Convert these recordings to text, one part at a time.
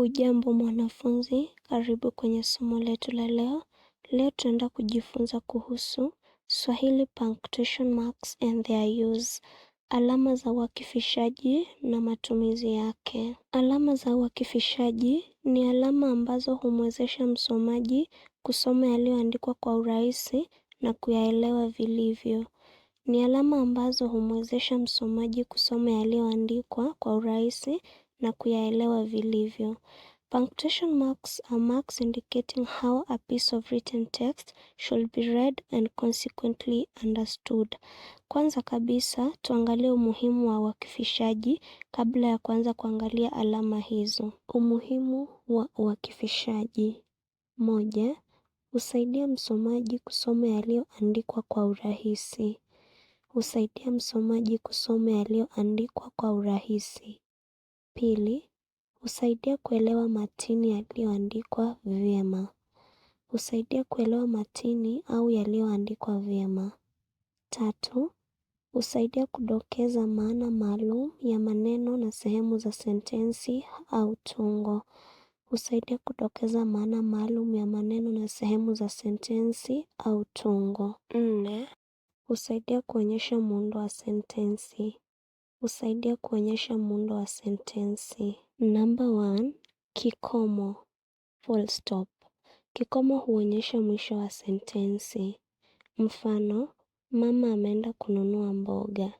ujambo mwanafunzi, karibu kwenye somo letu la leo. Leo tunaenda kujifunza kuhusu Swahili Punctuation Marks and Their Use, alama za uakifishaji na matumizi yake. Alama za uakifishaji ni alama ambazo humwezesha msomaji kusoma yaliyoandikwa kwa urahisi na kuyaelewa vilivyo. Ni alama ambazo humwezesha msomaji kusoma yaliyoandikwa kwa urahisi na kuyaelewa vilivyo. Punctuation marks are marks indicating how a piece of written text should be read and consequently understood. Kwanza kabisa, tuangalie umuhimu wa uakifishaji kabla ya kuanza kuangalia alama hizo. Umuhimu wa uakifishaji. Moja, husaidia msomaji kusoma yaliyoandikwa kwa urahisi. Husaidia msomaji kusoma yaliyoandikwa kwa urahisi. Pili, husaidia kuelewa matini yaliyoandikwa vyema. Husaidia kuelewa matini au yaliyoandikwa vyema. Tatu, husaidia kudokeza maana maalum ya maneno na sehemu za sentensi au tungo. Husaidia kudokeza maana maalum ya maneno na sehemu za sentensi au tungo. Nne, husaidia kuonyesha muundo wa sentensi husaidia kuonyesha muundo wa sentensi. Number one, kikomo full stop. Kikomo huonyesha mwisho wa sentensi. Mfano, mama ameenda kununua mboga.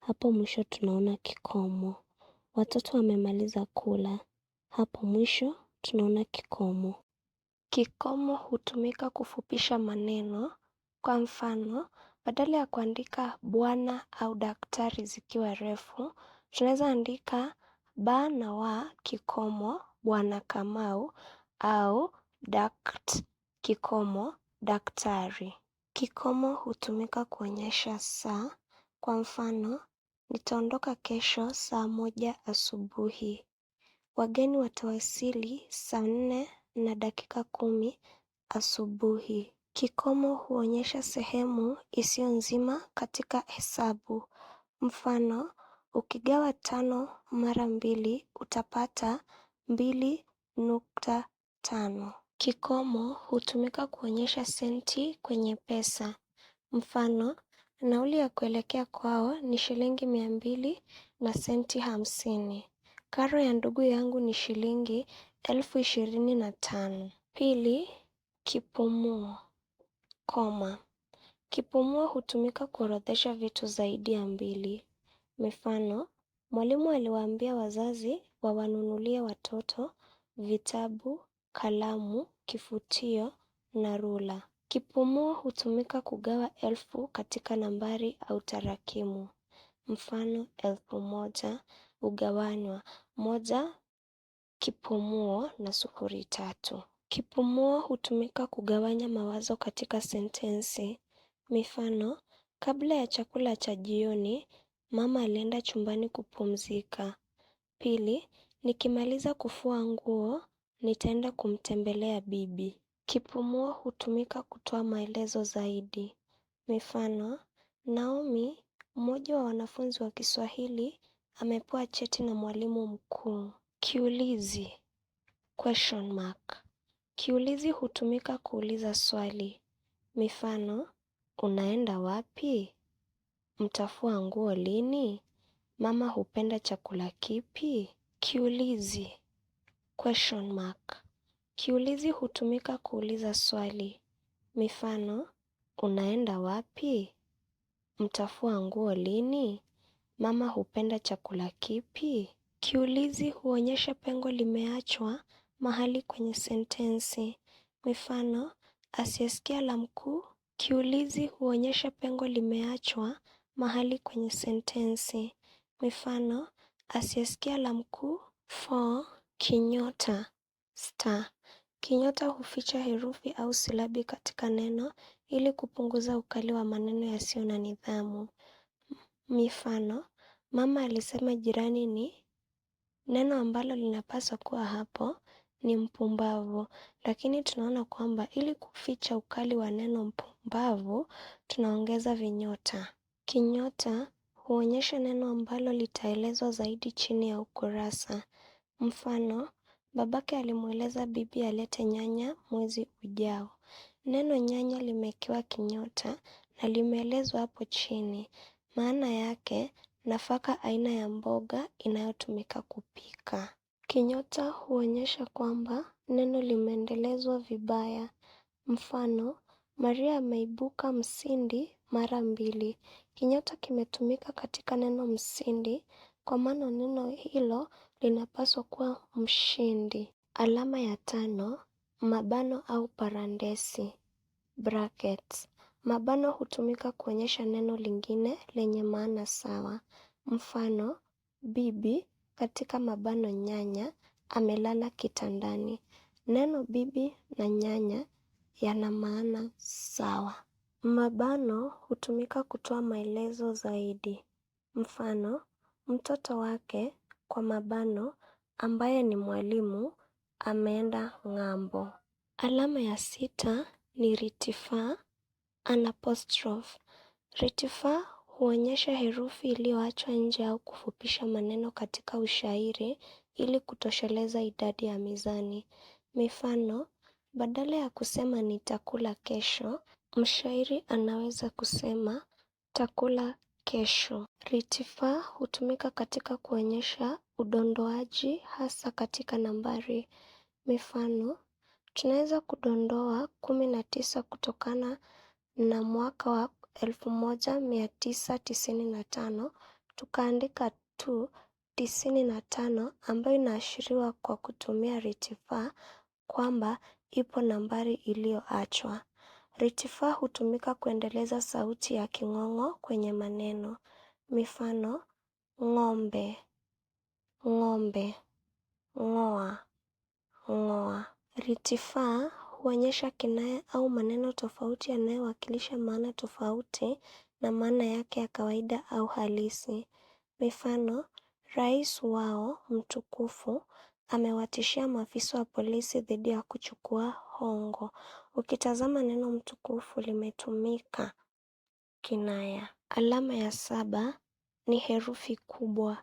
Hapo mwisho tunaona kikomo. Watoto wamemaliza kula. Hapo mwisho tunaona kikomo. Kikomo hutumika kufupisha maneno. Kwa mfano, badala ya kuandika bwana au daktari zikiwa refu, tunaweza andika b na w kikomo bwana Kamau au dakt kikomo daktari. Kikomo hutumika kuonyesha saa, kwa mfano, nitaondoka kesho saa moja asubuhi. Wageni watawasili saa nne na dakika kumi asubuhi. Kikomo huonyesha sehemu isiyo nzima katika hesabu. Mfano, ukigawa tano mara mbili utapata mbili nukta tano. Kikomo hutumika kuonyesha senti kwenye pesa. Mfano, nauli ya kuelekea kwao ni shilingi mia mbili na senti hamsini. Karo ya ndugu yangu ni shilingi elfu ishirini na tano. Pili, kipumuo. Koma: kipumua hutumika kuorodhesha vitu zaidi ya mbili. Mifano: mwalimu aliwaambia wazazi wawanunulie watoto vitabu, kalamu, kifutio na rula. Kipumua hutumika kugawa elfu katika nambari au tarakimu. Mfano: elfu moja hugawanywa moja kipumuo na sufuri tatu. Kipumua hutumika kugawanya mawazo katika sentensi. Mifano, kabla ya chakula cha jioni, mama alienda chumbani kupumzika. Pili, nikimaliza kufua nguo, nitaenda kumtembelea bibi. Kipumua hutumika kutoa maelezo zaidi. Mifano, Naomi, mmoja wa wanafunzi wa Kiswahili, amepewa cheti na mwalimu mkuu. Kiulizi, question mark. Kiulizi hutumika kuuliza swali. Mifano, unaenda wapi? Mtafua nguo lini? Mama hupenda chakula kipi? Kiulizi question mark Kiulizi hutumika kuuliza swali. Mifano, unaenda wapi? Mtafua nguo lini? Mama hupenda chakula kipi? Kiulizi huonyesha pengo limeachwa mahali kwenye sentensi. Mifano, asiyesikia la mkuu. Kiulizi huonyesha pengo limeachwa mahali kwenye sentensi. Mifano, asiyesikia la mkuu. For, kinyota, star. Kinyota huficha herufi au silabi katika neno ili kupunguza ukali wa maneno yasiyo na nidhamu. Mifano, mama alisema jirani ni neno ambalo linapaswa kuwa hapo ni mpumbavu, lakini tunaona kwamba ili kuficha ukali wa neno mpumbavu tunaongeza vinyota. Kinyota huonyesha neno ambalo litaelezwa zaidi chini ya ukurasa. Mfano, babake alimweleza bibi alete nyanya mwezi ujao. Neno nyanya limekiwa kinyota na limeelezwa hapo chini. Maana yake, nafaka aina ya mboga inayotumika kupika. Kinyota huonyesha kwamba neno limeendelezwa vibaya. Mfano, Maria ameibuka msindi mara mbili. Kinyota kimetumika katika neno msindi kwa maana neno hilo linapaswa kuwa mshindi. Alama ya tano, mabano au parandesi brackets Mabano hutumika kuonyesha neno lingine lenye maana sawa. Mfano, bibi katika mabano (nyanya) amelala kitandani. Neno bibi na nyanya yana maana sawa. Mabano hutumika kutoa maelezo zaidi. Mfano, mtoto wake kwa mabano (ambaye ni mwalimu) ameenda ng'ambo. Alama ya sita ni ritifaa (Ritifaa Huonyesha herufi iliyoachwa nje au kufupisha maneno katika ushairi ili kutosheleza idadi ya mizani. Mifano, badala ya kusema nitakula kesho, mshairi anaweza kusema takula kesho. ritifa hutumika katika kuonyesha udondoaji hasa katika nambari. Mifano, tunaweza kudondoa kumi na tisa kutokana na mwaka wa elfu moja mia tisa tisini na tano tukaandika tu tisini na tano ambayo inaashiriwa kwa kutumia ritifaa kwamba ipo nambari iliyoachwa. Ritifaa hutumika kuendeleza sauti ya king'ong'o kwenye maneno. Mifano: ng'ombe, ng'ombe, ng'oa, ng'oa. Ritifaa huonyesha kinaya au maneno tofauti yanayowakilisha maana tofauti na maana yake ya kawaida au halisi. Mifano, rais wao mtukufu amewatishia maafisa wa polisi dhidi ya kuchukua hongo. Ukitazama neno mtukufu limetumika kinaya. Alama ya saba ni herufi kubwa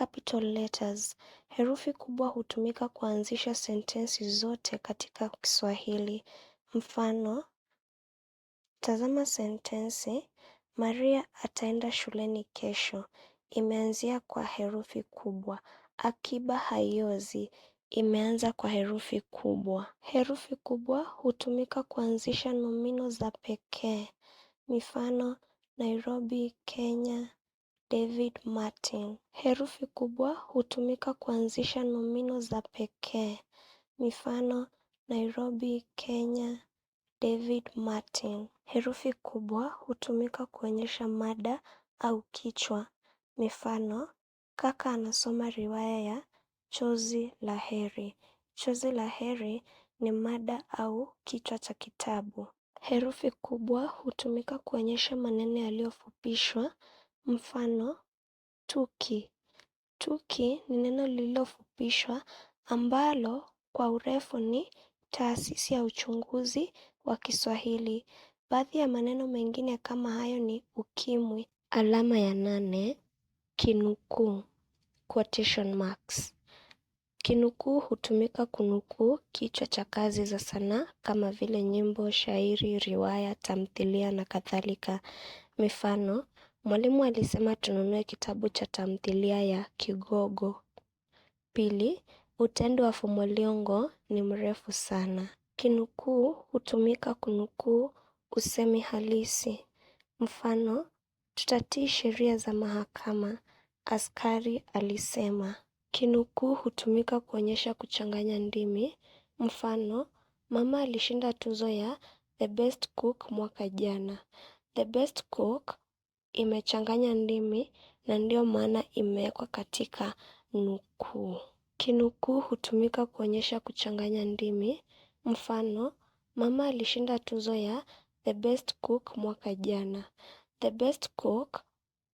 Capital letters Herufi kubwa hutumika kuanzisha sentensi zote katika Kiswahili. Mfano, tazama sentensi, Maria ataenda shuleni kesho. Imeanzia kwa herufi kubwa. Akiba haiozi. Imeanza kwa herufi kubwa. Herufi kubwa hutumika kuanzisha nomino za pekee. Mifano, Nairobi, Kenya, David Martin. Herufi kubwa hutumika kuanzisha nomino za pekee. Mifano, Nairobi, Kenya, David Martin. Herufi kubwa hutumika kuonyesha mada au kichwa. Mifano, kaka anasoma riwaya ya Chozi la Heri. Chozi la Heri ni mada au kichwa cha kitabu. Herufi kubwa hutumika kuonyesha maneno yaliyofupishwa. Mfano, tuki. Tuki ni neno lililofupishwa ambalo kwa urefu ni taasisi ya uchunguzi wa Kiswahili. Baadhi ya maneno mengine kama hayo ni ukimwi, alama ya nane, kinukuu, quotation marks Kinukuu hutumika kunukuu kichwa cha kazi za sanaa kama vile nyimbo, shairi, riwaya, tamthilia na kadhalika. Mifano, Mwalimu alisema tununue kitabu cha tamthilia ya Kigogo. Pili, utendo wa Fumoliongo ni mrefu sana. Kinukuu hutumika kunukuu usemi halisi. Mfano, tutatii sheria za mahakama, askari alisema. Kinukuu hutumika kuonyesha kuchanganya ndimi. Mfano, mama alishinda tuzo ya The Best Cook mwaka jana. The Best Cook imechanganya ndimi na ndio maana imeekwa katika nukuu. Kinukuu hutumika kuonyesha kuchanganya ndimi, mfano, mama alishinda tuzo ya the best cook mwaka jana. The best cook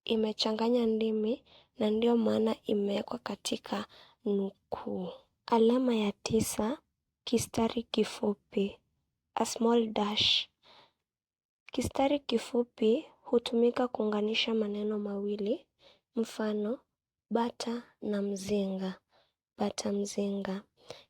imechanganya ndimi na ndio maana imewekwa katika nukuu. Alama ya tisa, kistari kifupi, a small dash. Kistari kifupi hutumika kuunganisha maneno mawili, mfano bata na mzinga, bata mzinga.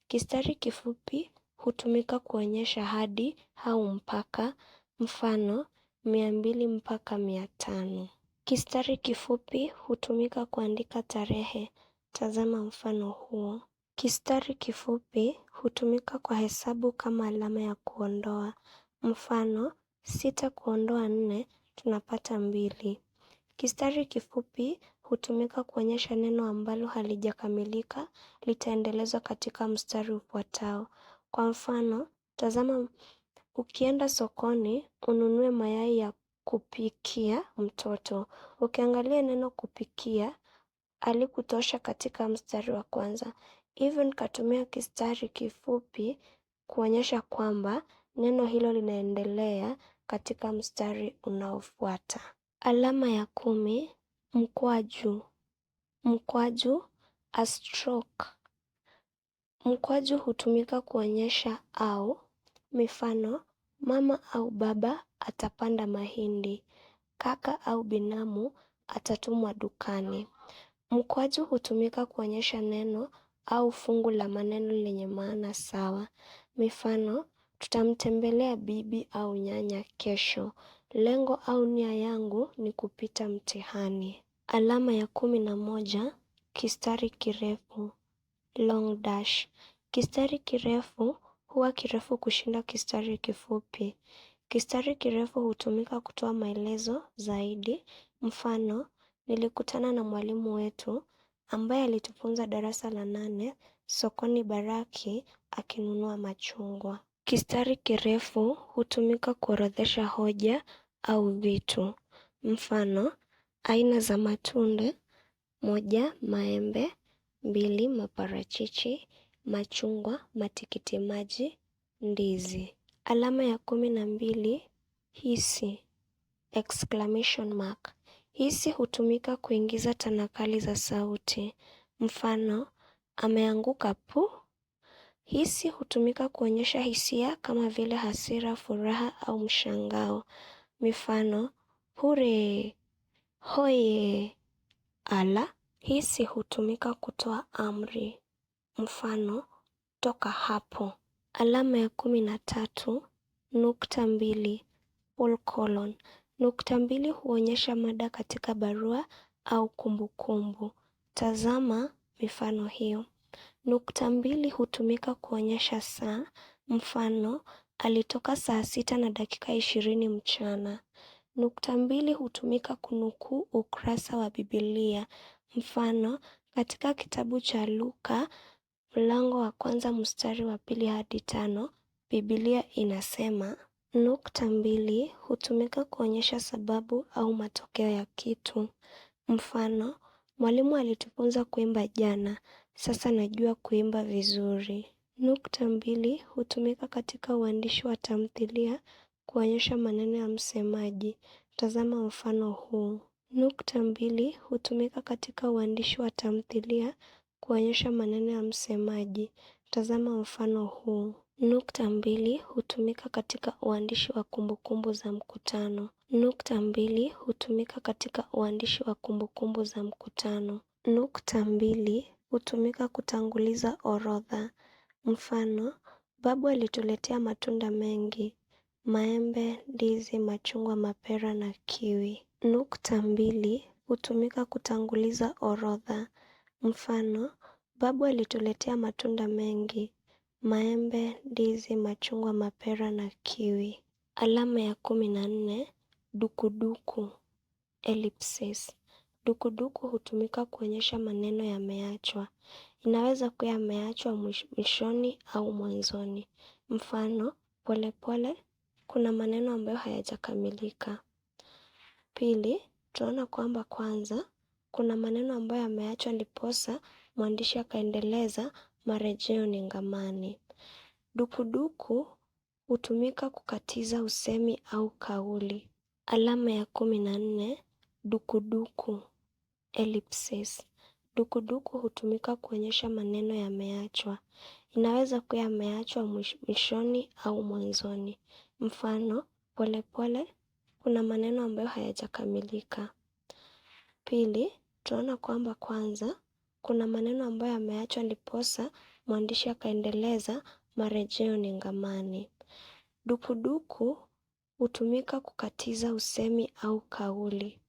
Kistari kifupi hutumika kuonyesha hadi au mpaka, mfano mia mbili mpaka mia tano. Kistari kifupi hutumika kuandika tarehe, tazama mfano huo. Kistari kifupi hutumika kwa hesabu kama alama ya kuondoa, mfano sita kuondoa nne tunapata mbili. Kistari kifupi hutumika kuonyesha neno ambalo halijakamilika litaendelezwa katika mstari ufuatao. Kwa mfano, tazama ukienda sokoni ununue mayai ya kupikia mtoto. Ukiangalia neno kupikia halikutosha katika mstari wa kwanza. Hivyo nikatumia kistari kifupi kuonyesha kwamba neno hilo linaendelea katika mstari unaofuata. Alama ya kumi, mkwaju. Mkwaju, a stroke. Mkwaju hutumika kuonyesha au. Mifano, mama au baba atapanda mahindi, kaka au binamu atatumwa dukani. Mkwaju hutumika kuonyesha neno au fungu la maneno lenye maana sawa. Mifano, Tutamtembelea bibi au nyanya kesho. Lengo au nia yangu ni kupita mtihani. Alama ya kumi na moja, kistari kirefu, long dash. Kistari kirefu huwa kirefu kushinda kistari kifupi. Kistari kirefu hutumika kutoa maelezo zaidi. Mfano, nilikutana na mwalimu wetu ambaye alitufunza darasa la nane sokoni Baraki akinunua machungwa. Kistari kirefu hutumika kuorodhesha hoja au vitu. Mfano, aina za matunda: moja, maembe; mbili, maparachichi; machungwa, matikiti maji, ndizi. Alama ya kumi na mbili, hisi exclamation mark Hisi hutumika kuingiza tanakali za sauti. Mfano, ameanguka pu. Hisi hutumika kuonyesha hisia kama vile hasira, furaha au mshangao. Mifano, Hure! Hoye! Ala! Hisi hutumika kutoa amri. Mfano, toka hapo. Alama ya kumi na tatu, nukta mbili, full colon. Nukta mbili huonyesha mada katika barua au kumbukumbu. Tazama mifano hiyo. Nukta mbili hutumika kuonyesha saa, mfano, alitoka saa sita na dakika ishirini mchana. Nukta mbili hutumika kunukuu ukurasa wa Biblia, mfano, katika kitabu cha Luka, mlango wa kwanza mstari wa pili hadi tano, Biblia inasema. Nukta mbili hutumika kuonyesha sababu au matokeo ya kitu, mfano, mwalimu alitufunza kuimba jana. Sasa najua kuimba vizuri. Nukta mbili hutumika katika uandishi wa tamthilia kuonyesha maneno ya msemaji. Tazama mfano huu. Nukta mbili hutumika katika uandishi wa tamthilia kuonyesha maneno ya msemaji. Tazama mfano huu. Nukta mbili hutumika katika uandishi wa kumbukumbu za mkutano. Nukta mbili hutumika katika uandishi wa kumbukumbu za mkutano. Nukta mbili Hutumika kutanguliza orodha. Mfano, babu alituletea matunda mengi, maembe, ndizi, machungwa, mapera na kiwi. Nukta mbili hutumika kutanguliza orodha. Mfano, babu alituletea matunda mengi, maembe, ndizi, machungwa, mapera na kiwi. Alama ya kumi na nne dukuduku ellipsis Dukuduku hutumika kuonyesha maneno yameachwa. Inaweza kuwa yameachwa mwishoni au mwanzoni. Mfano, polepole kuna maneno ambayo hayajakamilika. Pili, tunaona kwamba kwanza kuna maneno ambayo yameachwa ndiposa mwandishi akaendeleza marejeo ningamani. Dukuduku hutumika kukatiza usemi au kauli. Alama ya kumi na nne, dukuduku ellipses. Dukuduku hutumika kuonyesha maneno yameachwa. Inaweza kuwa yameachwa mwishoni au mwanzoni. Mfano, polepole kuna maneno ambayo hayajakamilika. Pili, tunaona kwamba kwanza kuna maneno ambayo yameachwa ndiposa mwandishi akaendeleza marejeo ningamani. Dukuduku hutumika kukatiza usemi au kauli.